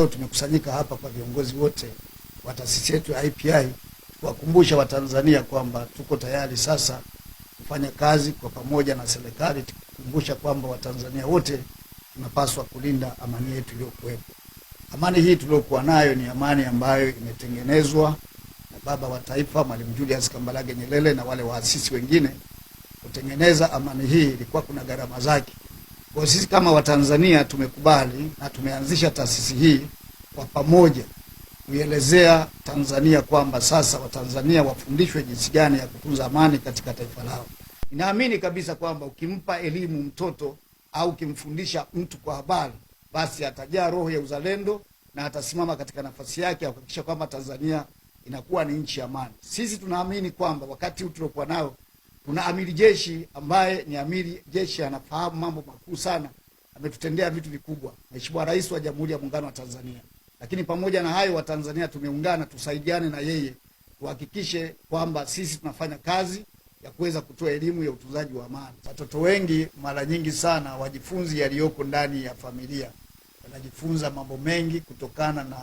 Leo tumekusanyika hapa kwa viongozi wote wa taasisi yetu ya IPI kuwakumbusha Watanzania kwamba tuko tayari sasa kufanya kazi kwa pamoja na serikali, kukumbusha kwamba Watanzania wote tunapaswa kulinda amani yetu iliyokuwepo. Amani hii tuliyokuwa nayo ni amani ambayo imetengenezwa na baba wa taifa Mwalimu Julius Kambarage Nyerere na wale waasisi wengine. Kutengeneza amani hii ilikuwa kuna gharama zake. Kwa sisi kama Watanzania tumekubali na tumeanzisha taasisi hii kwa pamoja kuielezea Tanzania kwamba sasa Watanzania wafundishwe jinsi gani ya kutunza amani katika taifa lao. Ninaamini kabisa kwamba ukimpa elimu mtoto au ukimfundisha mtu kwa habari, basi atajaa roho ya uzalendo na atasimama katika nafasi yake ya kuhakikisha kwamba Tanzania inakuwa ni nchi ya amani. Sisi tunaamini kwamba wakati huu tuliokuwa nao Tuna amiri jeshi ambaye ni amiri jeshi anafahamu mambo makuu sana, ametutendea vitu vikubwa, Mheshimiwa Rais wa Jamhuri ya Muungano wa Tanzania. Lakini pamoja na hayo, Watanzania tumeungana, tusaidiane na yeye tuhakikishe kwamba sisi tunafanya kazi ya kuweza kutoa elimu ya utunzaji wa amani. Watoto wengi mara nyingi sana wajifunzi yaliyoko ndani ya familia, wanajifunza mambo mengi kutokana na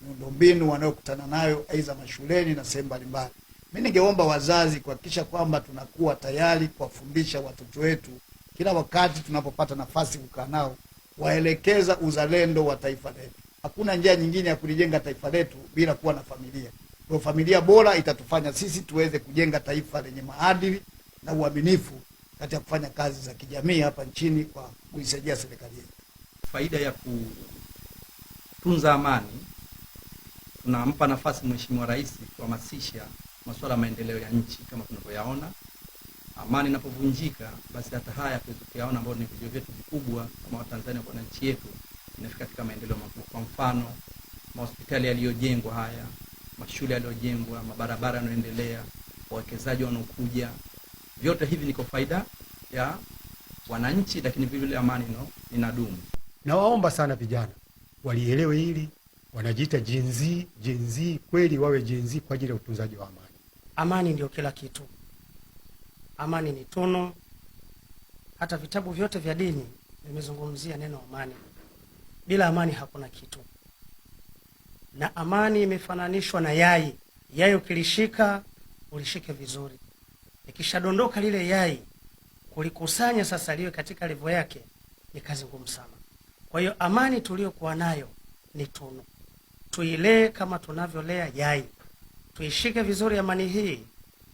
miundombinu wanayokutana nayo aidha mashuleni na sehemu mbalimbali. Mi ningeomba wazazi kuhakikisha kwamba tunakuwa tayari kuwafundisha watoto wetu kila wakati tunapopata nafasi kukaa nao, waelekeza uzalendo wa taifa letu. Hakuna njia nyingine ya kulijenga taifa letu bila kuwa na familia. Kwa familia bora itatufanya sisi tuweze kujenga taifa lenye maadili na uaminifu katika kufanya kazi za kijamii hapa nchini kwa kuisaidia serikali yetu. Faida ya kutunza amani, tunampa nafasi Mheshimiwa Rais kuhamasisha masuala ya maendeleo ya nchi kama tunavyoyaona. Amani inapovunjika, basi hata haya tuweze kuyaona, ambayo ni vijio vyetu vikubwa kama Watanzania kwa nchi yetu, inafika katika maendeleo makubwa. Kwa mfano, mahospitali yaliyojengwa haya, mashule yaliyojengwa, mabarabara yanayoendelea, wawekezaji wanaokuja, vyote hivi ni kwa faida ya wananchi, lakini vile vile amani no inadumu. Nawaomba sana vijana walielewe hili, wanajiita jinzi jinzi, kweli wawe jinzi kwa ajili ya utunzaji wa amani. Amani ndiyo kila kitu. Amani ni tunu. Hata vitabu vyote vya dini vimezungumzia neno amani. Bila amani hakuna kitu, na amani imefananishwa na yai. Yai ukilishika ulishike vizuri, ikishadondoka lile yai, kulikusanya sasa liwe katika levo yake ni kazi ngumu sana. Kwa hiyo amani tuliyokuwa nayo ni tunu, tuilee kama tunavyolea yai tuishike vizuri amani hii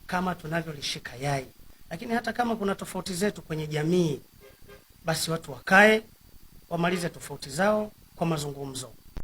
kama tunavyolishika yai. Lakini hata kama kuna tofauti zetu kwenye jamii, basi watu wakae wamalize tofauti zao kwa mazungumzo.